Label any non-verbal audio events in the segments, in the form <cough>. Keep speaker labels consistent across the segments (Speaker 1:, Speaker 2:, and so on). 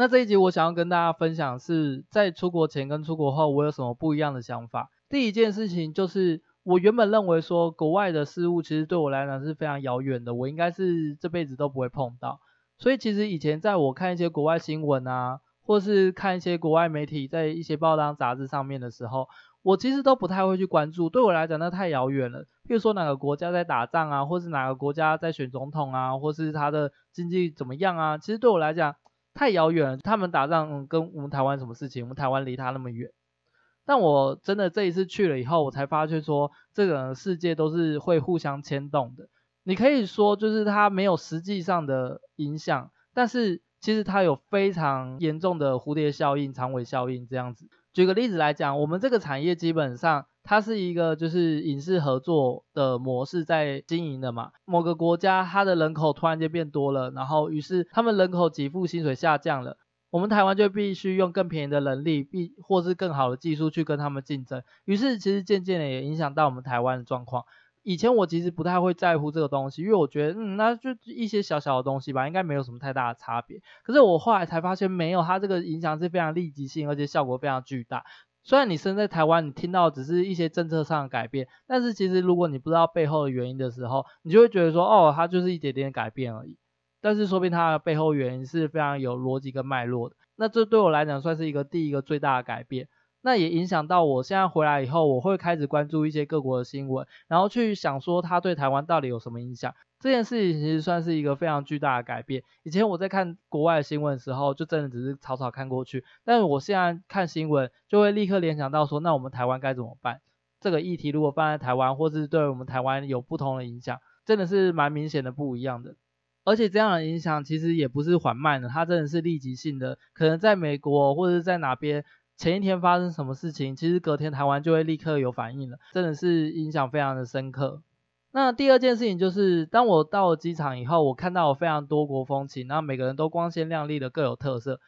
Speaker 1: 那這一集我想要跟大家分享是在出國前跟出國後我有什麼不一樣的想法。第一件事情就是我原本認為說國外的事物其實對我來講是非常遙遠的，我應該是這輩子都不會碰到。所以其實以前在我看一些國外新聞啊，或是看一些國外媒體在一些報章雜誌上面的時候，我其實都不太會去關注，對我來講那太遙遠了。比如說哪個國家在打仗啊，或是哪個國家在選總統啊，或是它的經濟怎麼樣啊，其實對我來講。太遙遠了，他們打仗、嗯、跟我們台灣什麼事情？我們台灣離他那麼遠。但我真的這一次去了以後，我才發覺說，這個世界都是會互相牽動的。你可以說就是它沒有實際上的影響，但是其實它有非常嚴重的蝴蝶效應、長尾效應這樣子。舉個例子來講，我們這個產業基本上。它是一個就是影視合作的模式在經營的嘛。某個國家它的人口突然間變多了，然後於是他們人口給付薪水下降了。我們台灣就必須用更便宜的人力，必或是更好的技術去跟他們競爭。於是其實漸漸的也影響到我們台灣的狀況。以前我其實不太會在乎這個東西，因為我覺得嗯，那就一些小小的東西吧，應該沒有什麼太大的差別。可是我後來才發現，沒有，它這個影響是非常立即性，而且效果非常巨大。雖然你身在台灣，你聽到只是一些政策上的改變，但是其實如果你不知道背後的原因的時候，你就會覺得說，哦，它就是一點點的改變而已。但是說不定它的背後原因是非常有邏輯跟脈絡的。那這對我來講算是一個第一個最大的改變。那也影響到我現在回來以後，我會開始關注一些各國的新聞，然後去想說它對台灣到底有什麼影響。這件事情其實算是一個非常巨大的改變。以前我在看國外的新聞的時候，就真的只是草草看過去。但我現在看新聞，就會立刻聯想到說，那我們台灣該怎麼辦？這個議題如果放在台灣，或是對我們台灣有不同的影響，真的是蠻明顯的不一樣的。而且這樣的影響其實也不是緩慢的，它真的是立即性的。可能在美國或者在哪邊，前一天發生什麼事情，其實隔天台灣就會立刻有反應了，真的是影響非常的深刻。那第二件事情就是，當我到了機場以後，我看到了非常多國風情，然後每個人都光鮮亮麗的，各有特色。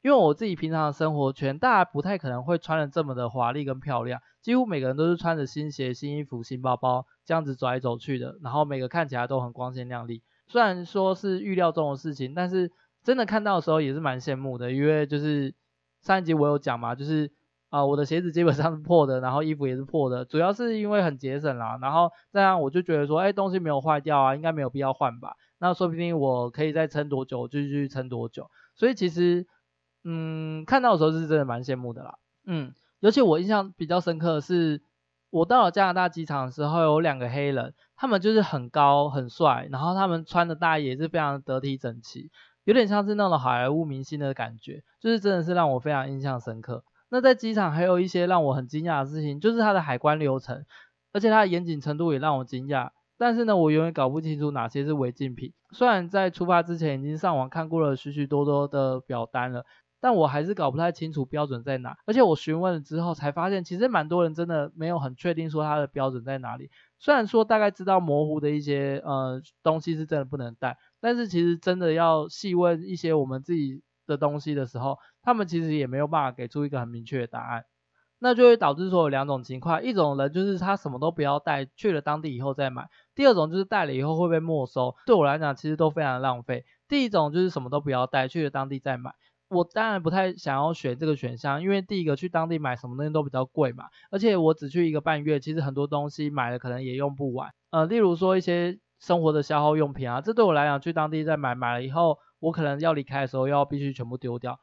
Speaker 1: 因為我自己平常的生活圈，大家不太可能會穿的這麼的華麗跟漂亮，幾乎每個人都是穿着新鞋、新衣服、新包包這樣子走來走去的，然後每個看起來都很光鮮亮麗。雖然說是預料中的事情，但是真的看到的時候也是蠻羨慕的，因為就是上一集我有講嘛，就是。啊，我的鞋子基本上是破的，然後衣服也是破的，主要是因為很節省啦。然後這樣我就覺得說，哎、欸，東西沒有壞掉啊，應該沒有必要換吧。那說不定我可以再撐多久就繼續撐多久。所以其實，嗯，看到的時候是真的蠻羨慕的啦。嗯，尤其我印象比較深刻的是，我到了加拿大機場的時候，有兩個黑人，他們就是很高很帥，然後他們穿的大衣也是非常的得體整齊，有點像是那種好萊塢明星的感覺，就是真的是讓我非常印象深刻。那在機場還有一些讓我很驚訝的事情，就是它的海關流程，而且它的嚴謹程度也讓我驚訝。但是呢，我永遠搞不清楚哪些是違禁品。雖然在出發之前已經上網看過了許許多多的表單了，但我還是搞不太清楚標準在哪。而且我詢問了之後才發現其實蠻多人真的沒有很確定說它的標準在哪裡。雖然說大概知道模糊的一些呃東西是真的不能帶，但是其實真的要細問一些我們自己。的東西的時候，他們其實也沒有辦法給出一個很明確的答案，那就會導致說有兩種情況，一種人就是他什麼都不要帶，去了當地以後再買，第二種就是帶了以後會被沒收。對我來講，其實都非常的浪費。第一種就是什麼都不要帶，去了當地再買，我當然不太想要選這個選項，因為第一個去當地買什麼東西都比較貴嘛，而且我只去一個半月，其實很多東西買了可能也用不完，呃，例如說一些生活的消耗用品啊，這對我來講去當地再買，買了以後，我可能要離開的時候要必須全部丟掉，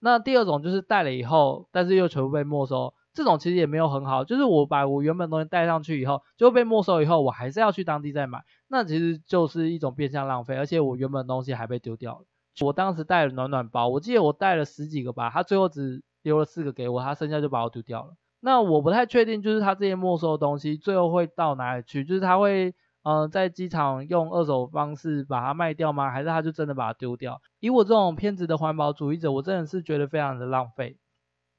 Speaker 1: 那第二種就是帶了以後，但是又全部被沒收，這種其實也沒有很好，就是我把我原本的東西帶上去以後，就被沒收以後，我還是要去當地再買，那其實就是一種變相浪費，而且我原本的東西還被丟掉了。我當時帶了暖暖包，我記得我帶了十幾個吧，他最後只留了四個給我，他剩下就把我丟掉了。那我不太確定，就是他這些沒收的東西最後會到哪裡去，就是他會，嗯、呃，在機場用二手方式把它賣掉嗎？還是他就真的把它丟掉？以我這種偏執的環保主義者，我真的是覺得非常的浪費。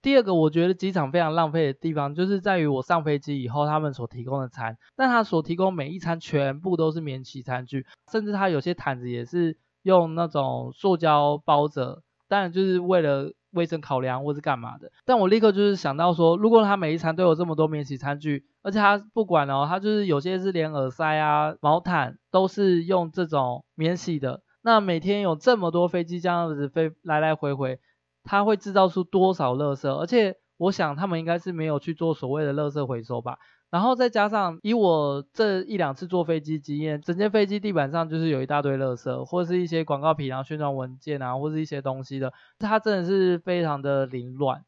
Speaker 1: 第二個，我覺得機場非常浪費的地方，就是在於我上飛機以後，他們所提供的餐，但他所提供的每一餐全部都是免洗餐具，甚至他有些毯子也是用那種塑膠包着，但就是為了，衛生考量或是幹嘛的，但我立刻就是想到說，如果他每一餐都有這麼多免洗餐具，而且他不管哦，他就是有些是連耳塞啊、毛毯都是用這種免洗的，那每天有這麼多飛機這樣子飛來來回回，他會製造出多少垃圾？而且我想他們應該是沒有去做所謂的垃圾回收吧。然後再加上以我這一兩次坐飛機經驗，整間飛機地板上就是有一大堆垃圾，或者是一些廣告品啊、然後宣傳文件啊，或者是一些東西的，它真的是非常的凌亂，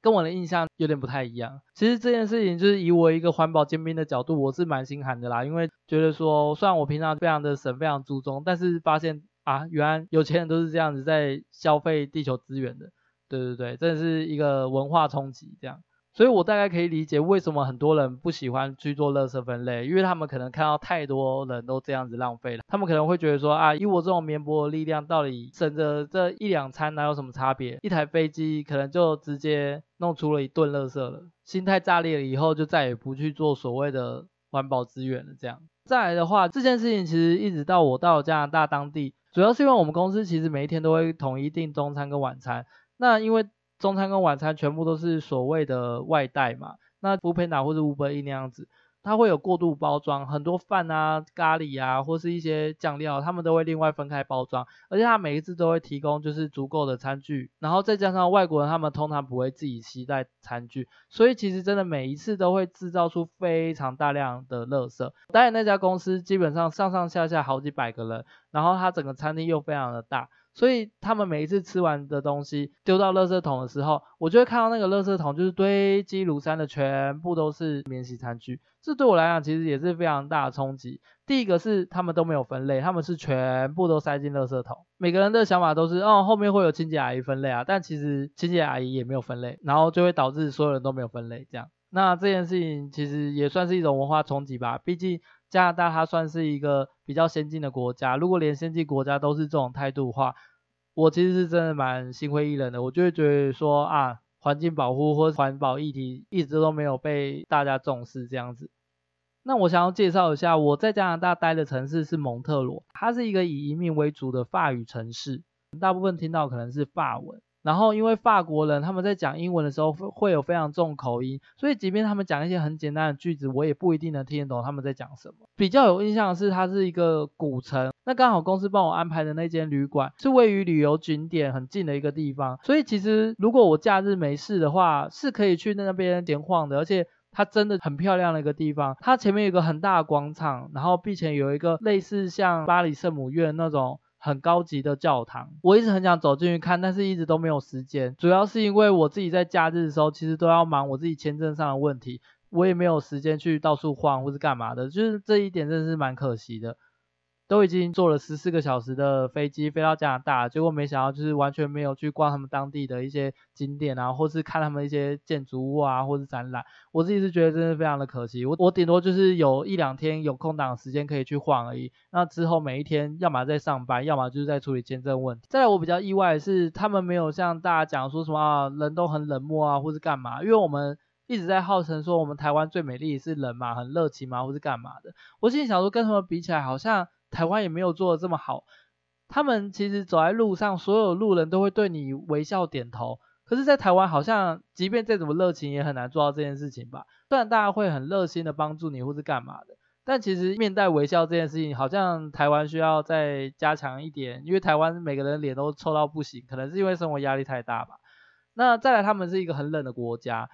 Speaker 1: 跟我的印象有點不太一樣。其實這件事情就是以我一個環保尖兵的角度，我是蠻心寒的啦，因為覺得說，雖然我平常非常的省、非常注重，但是發現啊，原來有錢人都是這樣子在消費地球資源的，對對對，這是一個文化衝擊，這樣。所以，我大概可以理解為什麼很多人不喜歡去做垃圾分類，因為他們可能看到太多人都這樣子浪費了，他們可能會覺得說，啊，以我這種綿薄的力量，到底省着這一兩餐哪有什麼差別？一台飛機可能就直接弄出了一頓垃圾了，心態炸裂了以後，就再也不去做所謂的環保資源了。這樣，再來的話，這件事情其實一直到我到加拿大當地，主要是因為我們公司其實每一天都會統一訂中餐跟晚餐，那因為。中餐跟晚餐全部都是所謂的外帶嘛，那 Foodpanda 或是 Uber Eats 那樣子，它會有過度包裝，很多飯啊、咖喱啊或是一些醬料，他們都會另外分開包裝，而且它每一次都會提供就是足夠的餐具，然後再加上外國人他們通常不會自己攜帶餐具，所以其實真的每一次都會製造出非常大量的垃圾。當然那家公司基本上上上下下好幾百個人，然後它整個餐廳又非常的大。所以他們每一次吃完的東西丟到垃圾桶的時候，我就會看到那個垃圾桶就是堆積如山的，全部都是免洗餐具。這對我來講其實也是非常大的衝擊。第一個是他們都沒有分類，他們是全部都塞進垃圾桶。每個人的想法都是，哦，後面會有清潔阿姨分類啊。但其實清潔阿姨也沒有分類，然後就會導致所有人都沒有分類這樣。那這件事情其實也算是一種文化衝擊吧，畢竟。加拿大它算是一個比較先進的國家，如果連先進國家都是這種態度的話，我其實是真的蠻心灰意冷的。我就會覺得說啊，環境保護或環保議題一直都沒有被大家重視這樣子。那我想要介紹一下我在加拿大待的城市是蒙特婁，它是一個以移民為主的法語城市，大部分聽到可能是法文。然後因為法國人他們在講英文的時候會會有非常重口音，所以即便他們講一些很簡單的句子，我也不一定能聽得懂他們在講什麼。比較有印象的是，它是一個古城。那剛好公司幫我安排的那間旅館是位於旅遊景點很近的一個地方，所以其實如果我假日沒事的話，是可以去那邊點晃的。而且它真的很漂亮的一個地方，它前面有一個很大的廣場，然後並且有一個類似像巴黎聖母院那種。很高級的教堂，我一直很想走進去看，但是一直都沒有時間。主要是因為我自己在假日的時候，其實都要忙我自己簽證上的問題，我也沒有時間去到處晃或是幹嘛的。就是這一點真的是蠻可惜的。都已經坐了十四個小時的飛機飛到加拿大，結果沒想到就是完全沒有去逛他們當地的一些景點啊，或是看他們一些建築物啊，或是展覽。我自己是覺得真的非常的可惜。我我頂多就是有一兩天有空檔的時間可以去晃而已。那之後每一天，要麼在上班，要麼就是在處理簽證問題。再來，我比較意外的是他們沒有像大家講說什麼啊，人都很冷漠啊，或是幹嘛？因為我們一直在號稱說我們台灣最美麗是人嘛，很熱情嘛，或是幹嘛的。我心裡想說跟他們比起來，好像。台灣也沒有做得這麼好，他們其實走在路上，所有路人都會對你微笑點頭。可是，在台灣好像，即便再怎麼熱情，也很難做到這件事情吧。雖然大家會很熱心的幫助你，或是幹嘛的，但其實面帶微笑這件事情，好像台灣需要再加強一點，因為台灣每個人臉都臭到不行，可能是因為生活壓力太大吧。那再來，他們是一個很冷的國家。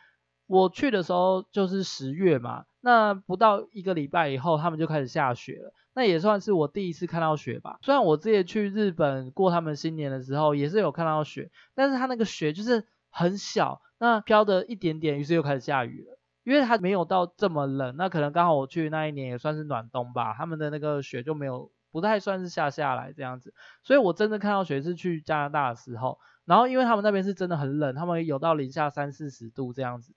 Speaker 1: 我去的時候就是十月嘛，那不到一個禮拜以後，他們就開始下雪了。那也算是我第一次看到雪吧。雖然我之前去日本過他們新年的時候，也是有看到雪，但是他那個雪就是很小，那飄的一點點，於是又開始下雨了，因為他沒有到這麼冷。那可能剛好我去那一年也算是暖冬吧，他們的那個雪就沒有不太算是下下來這樣子。所以我真的看到雪是去加拿大的時候，然後因為他們那邊是真的很冷，他們有到零下三四十度這樣子。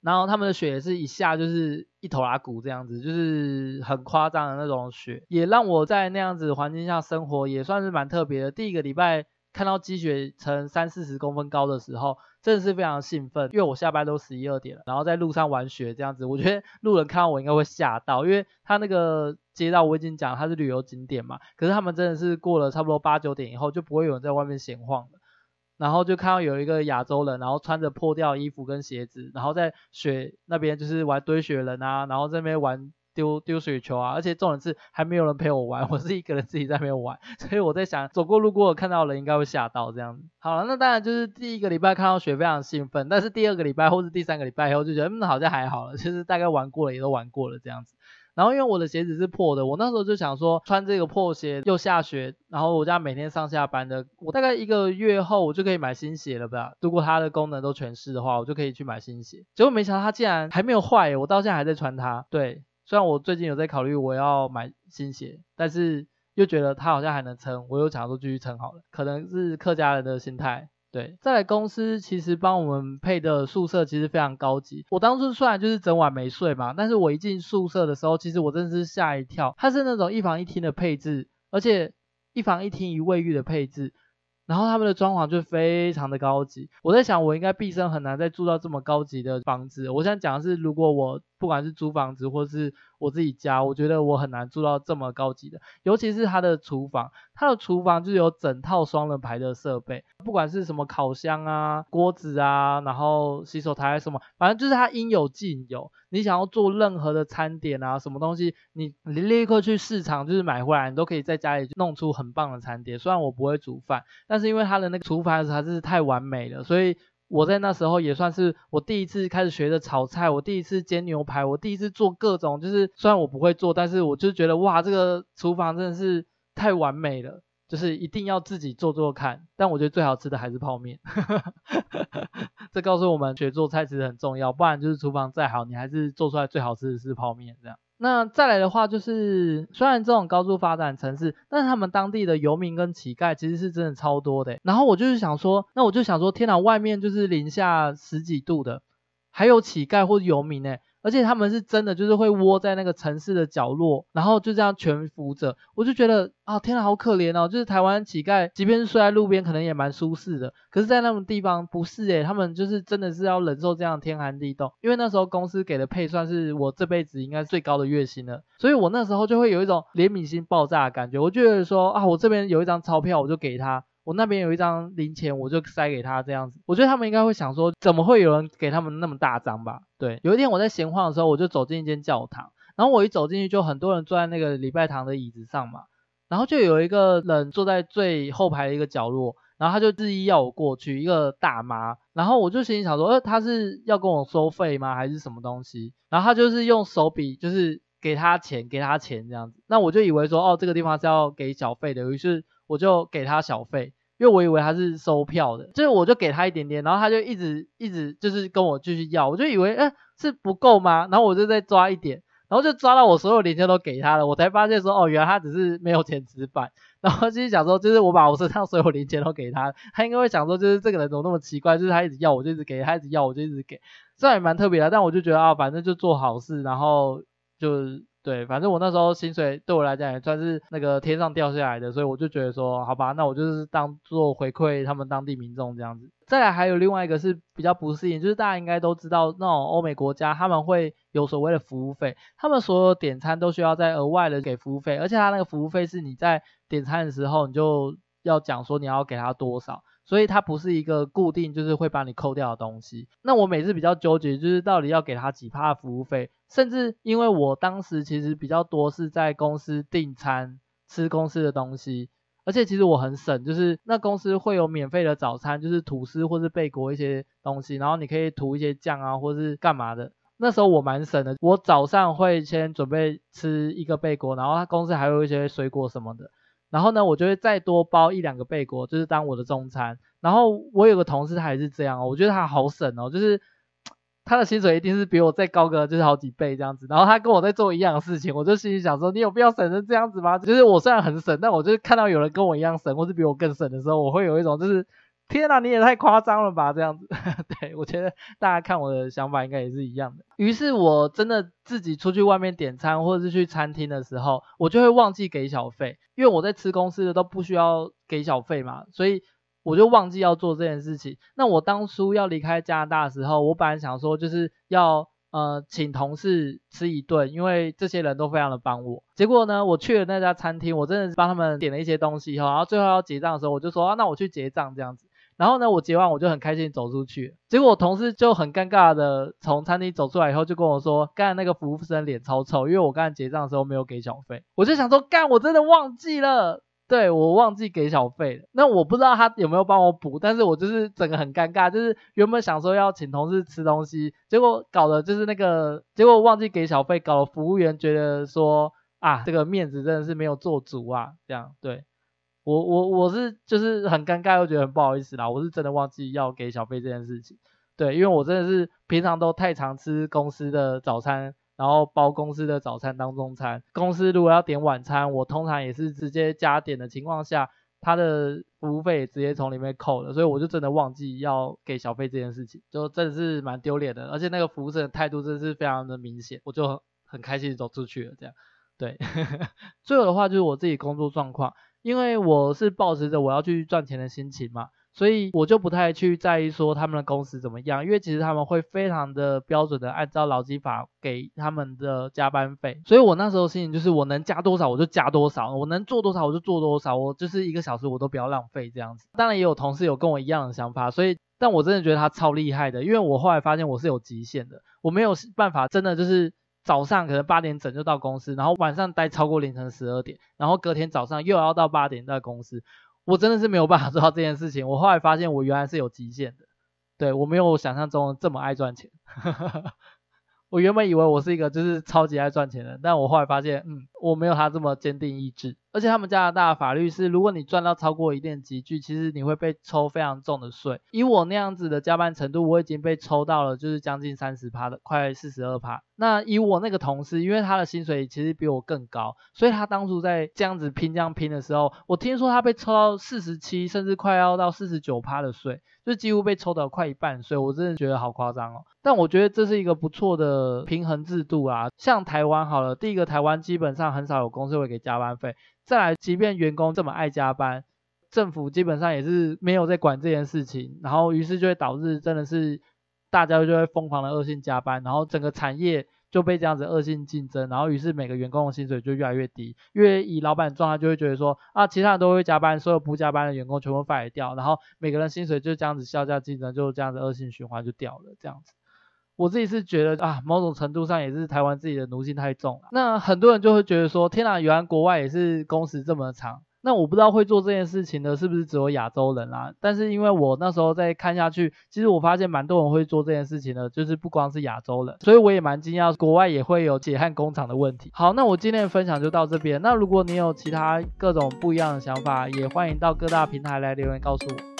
Speaker 1: 然後他們的雪也是一下就是一頭拉骨這樣子，就是很誇張的那種雪，也讓我在那樣子環境下生活也算是蠻特別的。第一個禮拜看到積雪層三四十公分高的時候，真的是非常興奮，因為我下班都十一二點了，然後在路上玩雪這樣子，我覺得路人看到我應該會嚇到，因為他那個街道我已經講了他是旅遊景點嘛，可是他們真的是過了差不多八九點以後就不會有人在外面閒晃了。然後就看到有一個亞洲人，然後穿着破掉衣服跟鞋子，然後在雪那邊就是玩堆雪人啊，然後這邊玩丟丟雪球啊，而且重點是還沒有人陪我玩，我是一個人自己在那邊玩，所以我在想，走過路過看到人應該會嚇到這樣。好了，那當然就是第一個禮拜看到雪非常興奮，但是第二個禮拜或是第三個禮拜以後就覺得嗯，好像還好了，就是大概玩過了也都玩過了這樣子。然後因為我的鞋子是破的，我那時候就想說，穿這個破鞋又下雪，然後我家每天上下班的，我大概一個月後我就可以買新鞋了吧？如果它的功能都全失的話，我就可以去買新鞋。結果沒想到它竟然還沒有壞，我到現在還在穿它。對，雖然我最近有在考慮我要買新鞋，但是又覺得它好像還能撐，我又想說繼續撐好了。可能是客家人的心態。對，再來公司其實幫我們配的宿舍其實非常高級。我當初雖然就是整晚沒睡嘛，但是我一進宿舍的時候，其實我真的是嚇一跳。它是那種一房一廳的配置，而且一房一廳一衛浴的配置，然後他們的裝潢就非常的高級。我在想，我應該畢生很難再住到這麼高級的房子。我想講的是，如果我不管是租房子或是我自己家，我覺得我很難做到這麼高級的，尤其是它的廚房，它的廚房就有整套雙人牌的設備，不管是什麼烤箱啊、鍋子啊，然後洗手台什麼，反正就是它應有盡有。你想要做任何的餐點啊，什麼東西，你立刻去市場就是買回來，你都可以在家裡弄出很棒的餐點。雖然我不會煮飯，但是因為它的那個廚房還是太完美了，所以。我在那時候也算是我第一次開始學着炒菜，我第一次煎牛排，我第一次做各種，就是雖然我不會做，但是我就是覺得哇，這個廚房真的是太完美了，就是一定要自己做做看。但我覺得最好吃的還是泡麵， <laughs> 這告訴我們學做菜其實很重要，不然就是廚房再好，你還是做出來最好吃的是泡麵這樣。那再來的話，就是雖然這種高速發展的城市，但是他們當地的遊民跟乞丐其實是真的超多的。然後我就是想說，那我就想說，天哪，外面就是零下十幾度的，還有乞丐或者遊民，誒而且他們是真的，就是會窩在那個城市的角落，然後就這樣蜷伏着。我就覺得啊，天啊，好可憐哦！就是台灣乞丐，即便是睡在路邊，可能也蠻舒適的。可是，在那種地方，不是誒，他們就是真的是要忍受這樣的天寒地凍。因為那時候公司給的配算是我這輩子應該最高的月薪了，所以我那時候就會有一種憐憫心爆炸的感覺。我覺得說啊，我這邊有一張鈔票，我就給他。我那邊有一張零錢，我就塞給他這樣子。我覺得他們應該會想說，怎麼會有人給他們那麼大張吧？對。有一天我在閒晃的時候，我就走進一間教堂，然後我一走進去，就很多人坐在那個禮拜堂的椅子上嘛。然後就有一個人坐在最後排的一個角落，然後他就示意要我過去，一個大媽。然後我就心裡想說，呃，他是要跟我收費嗎？還是什麼東西？然後他就是用手比，就是給他錢，給他錢這樣子。那我就以為說，哦，這個地方是要給小費的，於是我就給他小費。因為我以為他是收票的，就是我就給他一點點，然後他就一直一直就是跟我繼續要，我就以為哎、呃、是不夠嗎？然後我就再抓一點，然後就抓到我所有零錢都給他了，我才發現說哦，原來他只是沒有錢紙板，然後繼續講說就是我把我身上所有零錢都給他，他應該會想說就是這個人怎麼那麼奇怪，就是他一直要我就一直給，他一直要我就一直給，雖然也蠻特別的，但我就覺得啊反正就做好事，然後就。對，反正我那時候薪水對我來講也算是那個天上掉下來的，所以我就覺得說，好吧，那我就是當做回饋他們當地民眾這樣子。再來還有另外一個是比較不適應，就是大家應該都知道那種歐美國家他們會有所謂的服務費，他們所有點餐都需要再額外的給服務費，而且他那個服務費是你在點餐的時候你就要講說你要給他多少。所以它不是一個固定，就是會把你扣掉的東西。那我每次比較糾結，就是到底要給他幾趴服務費。甚至因為我當時其實比較多是在公司訂餐吃公司的東西，而且其實我很省，就是那公司會有免費的早餐，就是吐司或是貝果一些東西，然後你可以塗一些醬啊，或是幹嘛的。那時候我蠻省的，我早上會先準備吃一個貝果，然後他公司還有一些水果什麼的。然後呢，我就會再多包一兩個貝果，就是當我的中餐。然後我有個同事他也是這樣哦，我覺得他好省哦，就是他的薪水一定是比我再高個，就是好幾倍這樣子。然後他跟我在做一樣的事情，我就心裡想說，你有必要省成這樣子嗎？就是我雖然很省，但我就是看到有人跟我一樣省，或是比我更省的時候，我會有一種就是。天吶、啊，你也太誇張了吧！這樣子， <laughs> 對，我覺得大家看我的想法應該也是一樣的。於是，我真的自己出去外面點餐，或者是去餐廳的時候，我就會忘記給小費，因為我在吃公司的都不需要給小費嘛，所以我就忘記要做這件事情。那我當初要離開加拿大的時候，我本來想說就是要呃請同事吃一頓，因為這些人都非常的幫我。結果呢，我去了那家餐廳，我真的是幫他們點了一些東西，然後最後要結賬的時候，我就說啊，那我去結賬這樣子。然後呢，我結完我就很開心走出去，結果我同事就很尷尬的從餐廳走出來以後就跟我說，剛才那個服務生臉超臭，因為我剛才結賬的時候沒有給小費，我就想說幹我真的忘記了，對我忘記給小費了，那我不知道他有沒有幫我補，但是我就是整個很尷尬，就是原本想說要請同事吃東西，結果搞的就是那個，結果忘記給小費，搞服務員覺得說啊這個面子真的是沒有做足啊，這樣對。我我我是就是很尷尬，又覺得很不好意思啦。我是真的忘記要給小費這件事情，對，因為我真的是平常都太常吃公司的早餐，然後包公司的早餐當中餐。公司如果要點晚餐，我通常也是直接加點的情況下，他的服務費直接從裡面扣了，所以我就真的忘記要給小費這件事情，就真的是蠻丟臉的。而且那個服務生的態度真的是非常的明顯，我就很，很開心走出去了，這樣。對呵呵，最後的話就是我自己工作狀況，因為我是抱持着我要去賺錢的心情嘛，所以我就不太去在意說他們的工時怎麼樣，因為其實他們會非常的標準的按照勞基法給他們的加班費，所以我那時候心情就是我能加多少我就加多少，我能做多少我就做多少，我就是一個小時我都不要浪費這樣子。當然也有同事有跟我一樣的想法，所以但我真的覺得他超厲害的，因為我後來發現我是有極限的，我沒有辦法真的就是。早上可能八點整就到公司，然後晚上待超過凌晨十二點，然後隔天早上又要到八點在公司，我真的是沒有辦法做到這件事情。我後來發現，我原來是有極限的，對我沒有我想象中這麼愛賺錢。 <laughs> 我原本以為我是一個就是超級愛賺錢的人，但我後來發現，嗯，我沒有他這麼堅定意志。而且他們加拿大的法律是，如果你賺到超過一定級距，其實你會被抽非常重的稅。以我那樣子的加班程度，我已經被抽到了就是將近三十趴的，快四十二趴。那以我那個同事，因為他的薪水其實比我更高，所以他當初在這樣子拼這樣拼的時候，我聽說他被抽到四十七，甚至快要到四十九趴的稅，就幾乎被抽到快一半，所以我真的覺得好誇張哦。但我覺得這是一個不錯的平衡制度啊。像台灣好了，第一個台灣基本上很少有公司會給加班費。再來，即便員工這麼愛加班，政府基本上也是沒有在管這件事情，然後於是就會導致真的是大家就會瘋狂的惡性加班，然後整個產業就被這樣子惡性競爭，然後於是每個員工的薪水就越來越低，因為以老闆的狀態就會覺得說啊，其他人都會加班，所有不加班的員工全部 fire 掉，然後每個人薪水就這樣子削價競爭，就這樣子惡性循環就掉了，這樣子。我自己是覺得啊，某種程度上也是台灣自己的奴性太重了。那很多人就會覺得說，天哪，原來國外也是工時這麼長，那我不知道會做這件事情的，是不是只有亞洲人啦、啊？但是因為我那時候在看下去，其實我發現蠻多人會做這件事情的，就是不光是亞洲人，所以我也蠻驚訝，國外也會有血汗工廠的問題。好，那我今天的分享就到這邊。那如果你有其他各種不一樣的想法，也歡迎到各大平台來留言告訴我。